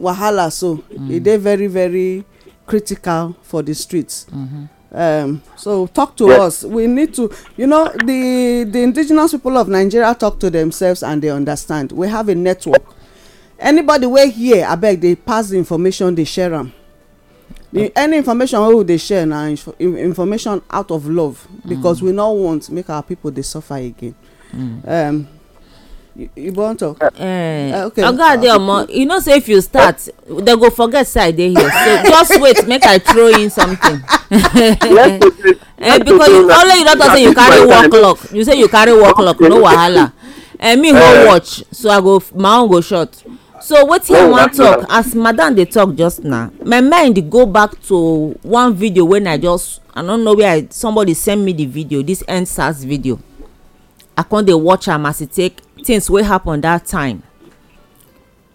wahala so e mm. e dey very very critical for the streets. Mm -hmm. um, so talk to yes. us. We need to, you know, the the indigenous people of Nigeria talk to themselves and they understand. We have a network. Anybody wey here I beg. They pass the information They share them. The, any information wey we dey share now? inf information out of love. Mm. because mm. we no want make our people they suffer again. Mm. Um, you born talk. Eh. Uh, oga dey omo uh, you know say if you start dem go forget say i dey here so just wait make i throw in something. <laughs> Eh, because you only you don talk say you carry work clock you say you carry work clock no wahala eh, me no watch so i go my own go short so wetin i oh, wan talk as madam dey talk just now my mind go back to one video when i just i no know where i somebody send me the video this endsars video i come dey watch am as e take things wey happen that time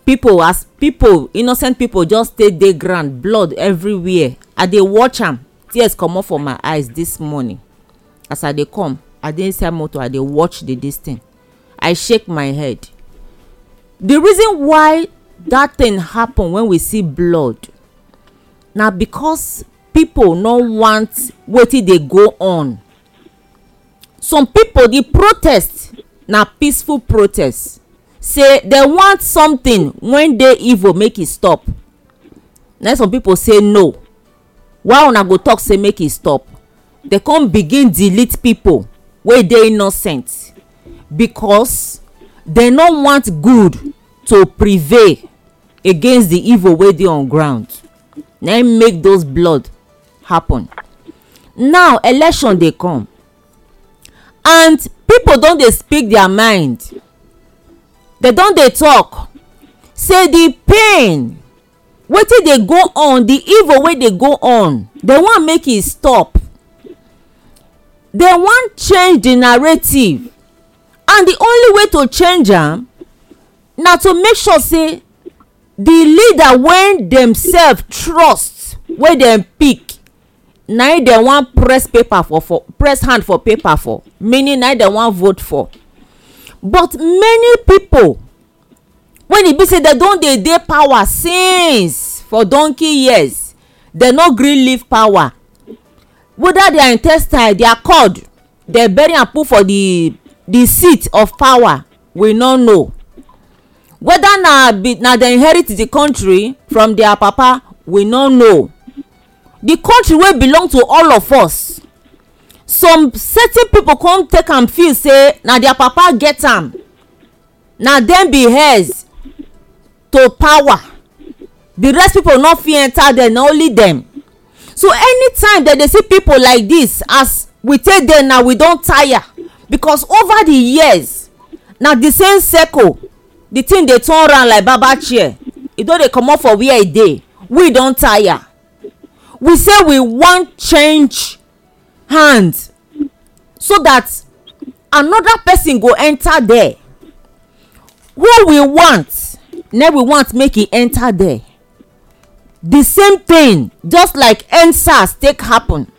people as people innocent people just stay dey ground blood everywhere i dey watch am tears comot for my eyes this morning as i dey come i dey inside motor i dey watch the this thing i shake my head the reason why that thing happen when we see blood na because people no want wetin dey go on some people the protest na peaceful protest say dem want something wen dey evil make e stop na some people say no why una go talk say make e stop dey come begin delete people wey dey innocent because dem no want good to prevail against the evil wey dey on ground na im make those blood happen now election dey come and people don dey speak their mind They don dey talk say the pain wetin dey go on the evil wey dey go on They wan make e stop They wan change the narrative and the only way to change am na to make sure say the leader wey dem sef trust wey dem pick na dem wan press paper for for press hand for paper for meaning na dem wan vote for but many pipo when e be say dem don dey dey power since for donkey years dem no gree leave power whether their intestine their cord dem bury am put for the the seat of power we no know whether na be na dem inherit the country from their papa we no know the country wey belong to all of us some certain people come take am feel say na their papa get am na dem be heirs to power the rest people no fit enter there na only dem so anytime dem dey see people like this as we take dey now we don tire because over the years na the same circle the thing dey turn round like baba chair e don dey comot for where e dey we don tire we say we wan change hand so that another person go enter there who we want na we want make e enter there the same thing just like endsars take happen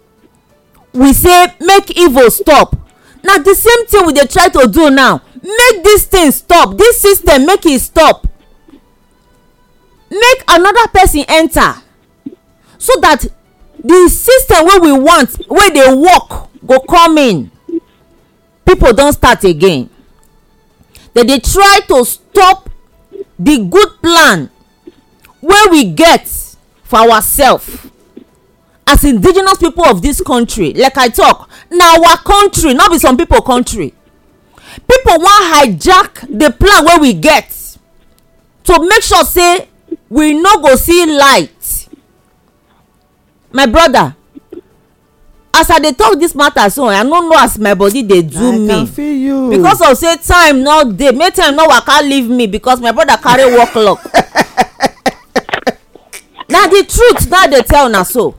we say make evil stop na the same thing we dey try to do now make this thing stop this system make e stop make another person enter so that the system wey we want wey dey work go come in people don start again dem dey try to stop the good plan wey we get for ourselves as indigenous people of this country like i talk na our country no be some people country people wan hijack the plan wey we get to make sure say we no go see light my brother as i dey talk this matter so i no know as my body dey do me because of say time no dey make time no waka leave me because my brother carry work luck <laughs> na the truth na dey tell na so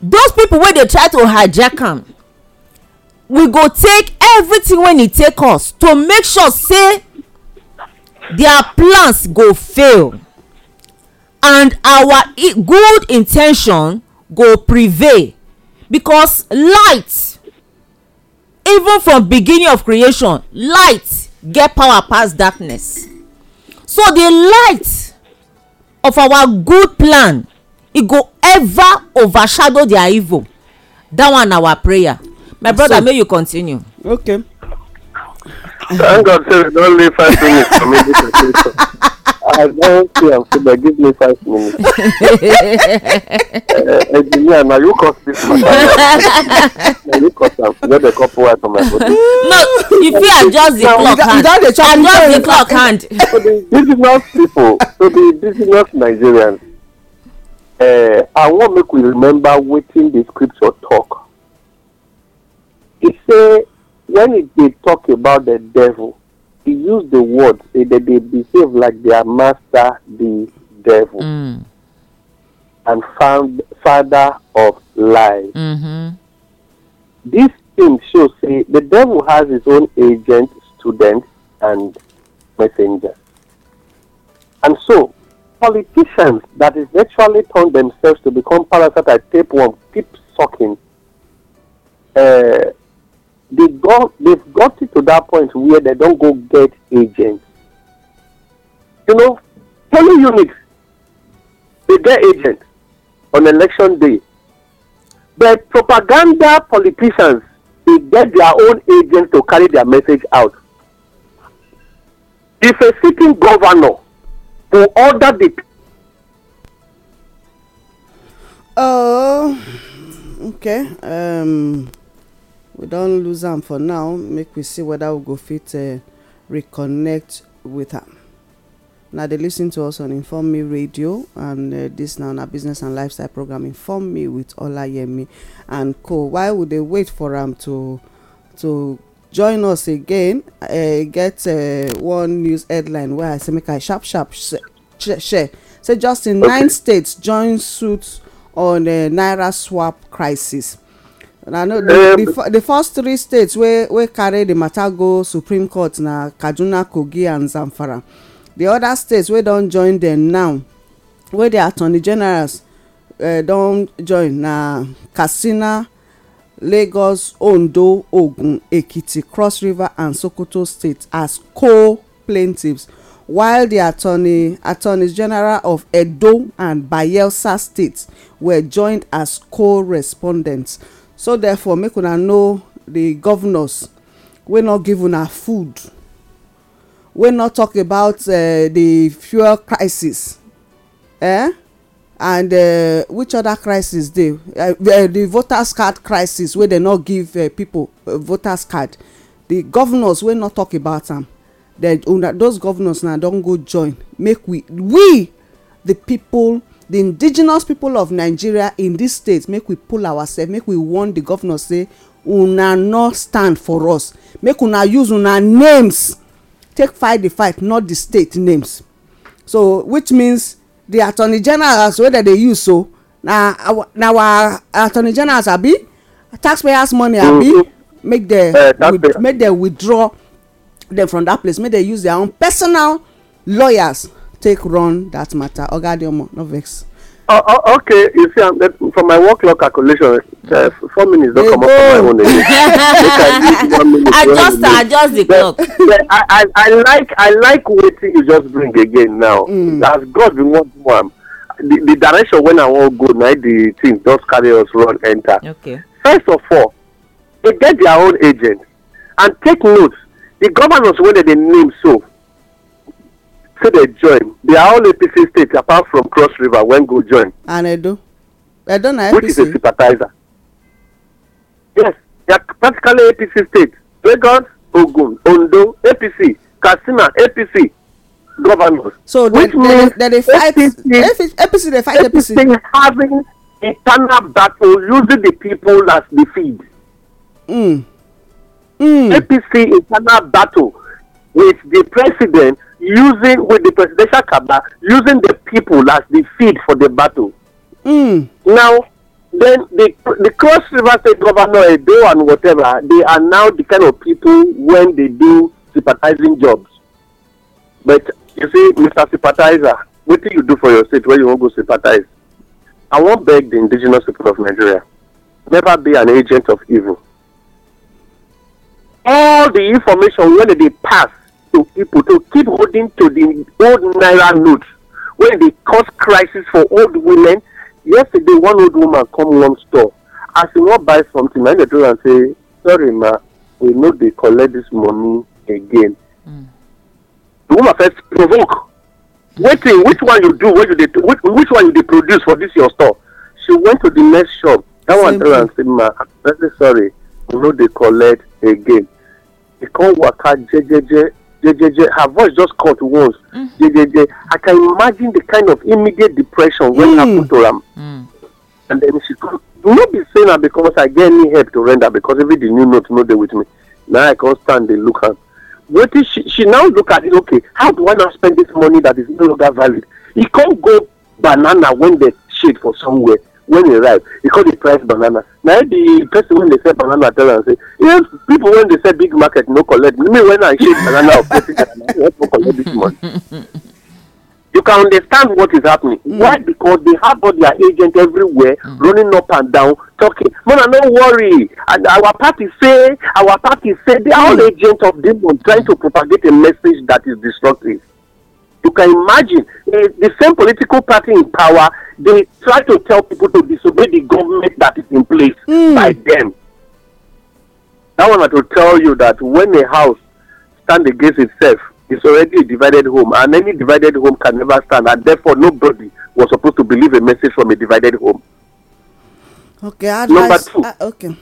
those people wey dey try to hijack am we go take everything wey e take us to make sure say their plans go fail and our good in ten tion go prevail because light even from beginning of creation light get power pass darkness so the light of our good plan e go ever overshadow their evil that one na our prayer my brother so, may you continue. okay. thank god say we don leave five minutes for me to say so. <laughs> I don't see am so but give me five minutes. Engineer, eh, eh, na you cause this matter. Na you cause am. You know the couple wife for my body. No, you fit adjust the clock hand. Adjust the clock hand. So the business people, so the business Nigerians, uh, eh, I want make we remember wetin the scripture talk. E say when e dey talk about the devil he used the word that they behave like their master, the devil, mm. and found father of lies. Mm-hmm. This thing shows say, the devil has his own agent, student, and messenger. And so, politicians that is naturally turned themselves to become parasitic tapeworm keep sucking uh, they got they've got it to that point where they don't go get agents. You know, polling units they get agents on election day. But propaganda politicians they get their own agents to carry their message out. If a sitting governor will order the Oh, okay. Um, we don lose am for now make we see whether we go fit uh, reconnect with am na dey lis ten to us on inform me radio and uh, this na una business and lifestyle program inform me with olayemi and co Why we dey wait for am to to join us again uh, get uh, one news headline wey i say make i sharp sharp share say just in okay. nine states join suit on uh, naira swap crisis na no the um, the first three states wey wey carry the matter go supreme court na kaduna kogi and zamfara the other states wey don join dem now wey the attorney generals uh, don join na katsina lagos ondo ogun ekiti cross river and sokoto states as co-plaintiffs while the attorney attorneys general of edo and bayelsa states were joined as co-respondents so therefore make una know the governors wey no give una food wey no talk about uh, the fuel crisis eh? and uh, which other crisis dey uh, the voters card crisis wey dem no give uh, people uh, voters card the governors wey no talk about am then una those governors na don go join make we we the people the indigenous people of nigeria in this state make we pull ourselves make we warn the governor say una no stand for us make una use una names take fight the fight not the state names so which means the attorney generals wey dem dey use so na our na our attorney generals abi taxpayers money mm, abi mm. make dem eh, make dem withdraw dem from that place make dem use their own personal lawyers take run that matter oga adeomo no vex. Oh, uh, okay you see I'm, uh, for my work clock calculation uh, four minutes don't come up for my own again make i use adjust adjust the clock. but i i i like i like waiting. you just bring again now mm. as god bin wan do the the direction when i want go na the thing just carry us run enter. okay first of all they get their own agent and take note the governors wey they name so say they join they are all apc states apart from cross river wen go join and edo edo na apc which is a sympathizer yes they are practically apc states lagos ogun ondo apc katsina apc governors so which they, means they, they fight apc apc dey fight apc apc having internal battle using the people as the feed mm. Mm. apc internal battle with the president using with the presidential cabal, using the people as the feed for the battle. Mm. Now, then the the Cross River State Governor Edo and whatever, they are now the kind of people when they do sympathizing jobs. But you see, Mr. Sympathizer, what do you do for your state when you want not go sympathize? I won't beg the indigenous people of Nigeria. Never be an agent of evil. All the information when they pass to people to keep holding to the old naira notes when they cause crisis for old women yesterday one old woman come one store as she wan buy something na him dey tell am say sorry ma we no dey collect this money again mm. the woman first provoke wetin which one you do you dey which, which one you dey produce for this your store she went to the next shop that Same one tell am say ma i'm very sorry we no dey collect again e come waka jejeje jejeje her voice just cut once mm. jejeje i can imagine the kind of immediate depression when mm. happen to am mm. and then she could not be saying na because i get any help to render because even the new note no dey with me Now i can't stand the look at. What is she she now look at it okay how do i now spend this money that is no longer valid e can't go banana when dem shade for somewhere when he arrive, he call the price banana. Now the person when they sell banana tell them say, if people when they say big market no collect, me when I shake banana of person no collect this month. <laughs> You can understand what is happening. Mm. Why? Because they have got their agent everywhere mm. running up and down talking. Man, no worry. And our party say, our party say they are all mm. agents of demon trying to propagate a message that is destructive. You can imagine the, the same political party in power, they try to tell people to disobey the government that is in place mm. by them. I want to tell you that when a house stands against itself, it's already a divided home, and any divided home can never stand, and therefore nobody was supposed to believe a message from a divided home. Okay, advice, Number two. Uh, okay,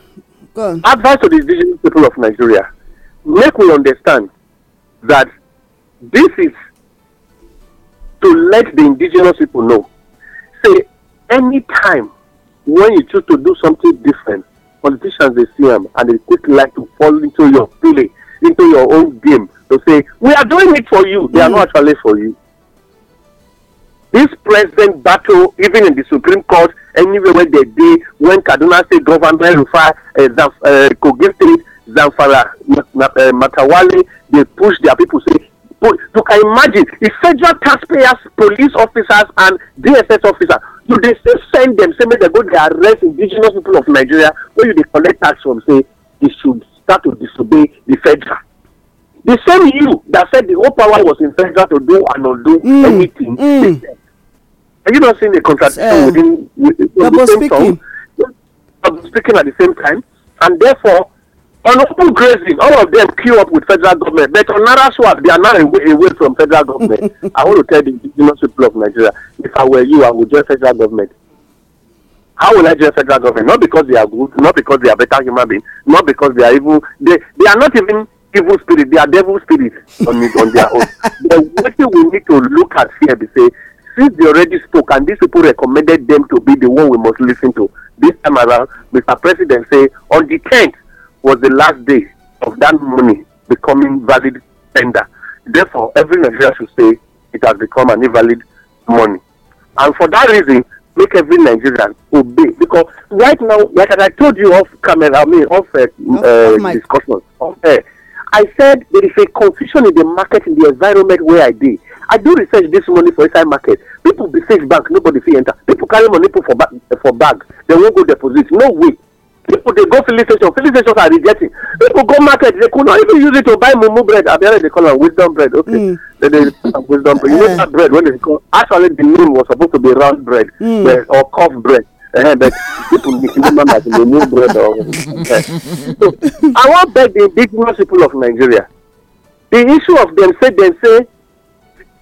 go on. Advice to the indigenous people of Nigeria. Make we understand that this is to let the indigenous people know. Say, anytime when you choose to do something different, politicians they see them and they quickly like to fall into your play, into your own game. To say, we are doing it for you. They are not mm. actually for you. This present battle, even in the Supreme Court, anywhere where they did, when Kaduna State government refer uh, uh, eh, Kogi State, Zamfara, eh, Matawale, they push their people say you can imagine the federal taxpayers police officers and dss officers you dey still send them, say make dem go dey arrest indigenous people of nigeria wey you dey collect tax from say they should start to disobey the federal the same you that said the whole power was in federal to do and undo mm, anything mm. are you not seeing the contradiction um, within, within the same speaking. song speaking at the same time and therefore Honorable grazing, all of them queue up with federal government. But on Naraswa, they are now away, away from federal government. <laughs> I want to tell the indigenous people of Nigeria, if I were you, I would join federal government. How will I join federal government? Not because they are good, not because they are better human beings, not because they are evil. They, they are not even evil spirit, they are devil spirits on, on their own. <laughs> The what we need to look at here be say, since they already spoke and these people recommended them to be the one we must listen to, this time around, Mr. President say, on the tenth was the last day of that money becoming valid tender. Therefore, every Nigerian should say it has become an invalid money. And for that reason, make every Nigerian obey. Because right now, like I told you off camera, I mean off uh, oh, discussion, off air, I said there is a confusion in the market, in the environment where I did. I do research this money for inside market. People be safe bank, nobody fee enter. People carry money put for, ba- for bag. They won't go deposit. No way people dey go filling station filling stations are rejecting people go market They could not even use it to buy mumu bread abẹ́rẹ́ they call am wisdom bread okay mm. they dey call am wisdom bread you know eh. that bread wey dey call actually the name was supposed to be round bread mm. but, eh, or cough bread uh, but people remember that the new bread so i wan beg the indigenous people of nigeria the issue of them say dem say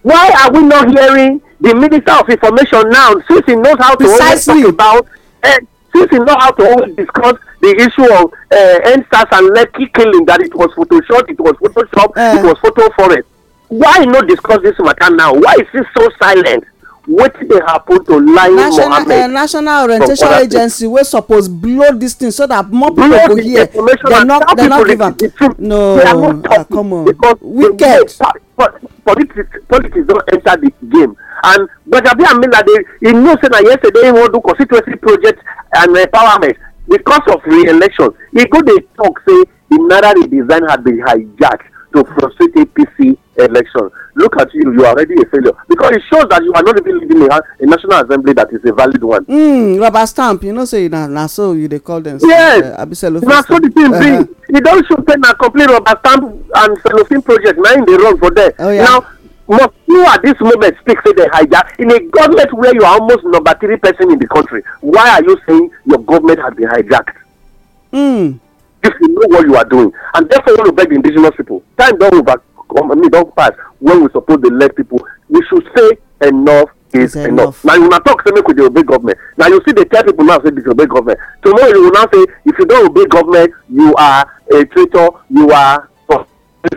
why are we not hearing the minister of information now since he knows how to Precisely. always talk about. Uh, since he know how to always discuss the issue of uh, eh, endsars and lekki killing that it was photoshopped it was photoshopped uh. it eh. was photo forest why no discuss this matter now why is he so silent wetin dey happen to lying national, uh, mohammed uh, national orientation agency wey suppose blow dis thing so that more people go hear dem no dem no give am no ah come on wicked. politics politics don enter the game and gbajabi amina dey e know say na yesterday im wan do constituency project and empowerment because of re-election e go dey talk say im Nara redesign had been hijacked to frustrate apc election. Look at you, you are already a failure because it shows that you are not even leading a, a national assembly that is a valid one. Mm, rubber stamp, you know, say na so you they call them. Yes, eh, na so the thing be. E don show say a complete rubber stamp and cellophane project na im dey run for that. Oh, yeah. Now, must you at this moment speak say they hijack in a government where you are almost number three person in the country why are you saying your government has been hijacked. Mm. if you know what you are doing and therefore you want to beg the indigenous people time don over I mean don pass when we suppose dey elect people we should say enough is enough na you una talk say make we dey obey government na you still dey tell people now say disobey government tomorrow you now say if you don obey government you are a traitor you are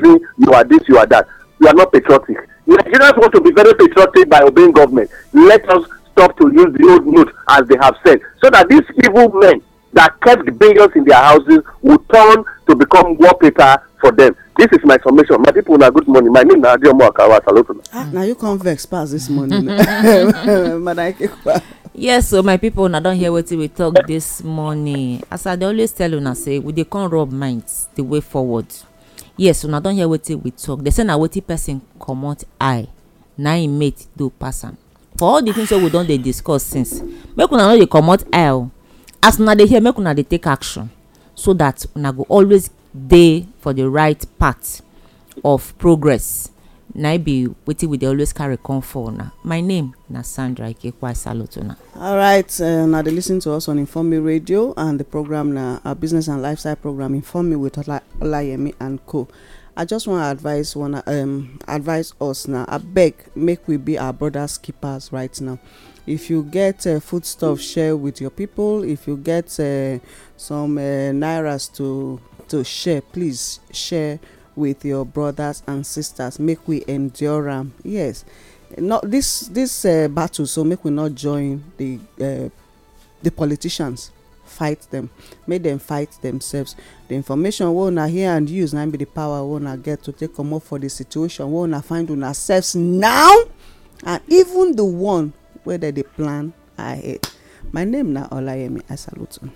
you are this you are that you are not patriotic nigerians want to be very patriotic by obeying government let us stop to use the old note as they have said so that these evil men that kept the billions in their houses would turn to become wallpaper for them. This is my summation. My people, na good morning. My name na Adiomo Akawa Salotuna. Ah, now you come vex pass this morning. <laughs> <laughs> yes so my people una don't hear what we talk this morning as i always tell you una say we dey come rub minds the way forward yes so una don't hear what we talk They say na wetin person comot eye na im mate do pass for all the things that we don't they discuss since make una no dey comot eye as una dey hear make una dey take action so that una go always dey for the right path of progress na e be wetin we dey always carry come for una my name na sandra ikekwa salot uh, una. alright una uh, dey lis ten to us on informe radio and the program na our business and lifestyle program informe with Ola olayemi and co i just wan advise wanna um, advise us na abeg make we be our brothers keepers right now if you get foodstuff share with your people if you get uh, some uh, nairas to to share please share with your brothers and sisters make we endure am yes not this this uh, battle so make we not join the the politicians fight them. make them fight themselves the information wey una hear and use na be the power wey una get to take comot for the situation wey una find una selves now and even the one wey dem dey plan ahead my name na olayemi asalutu.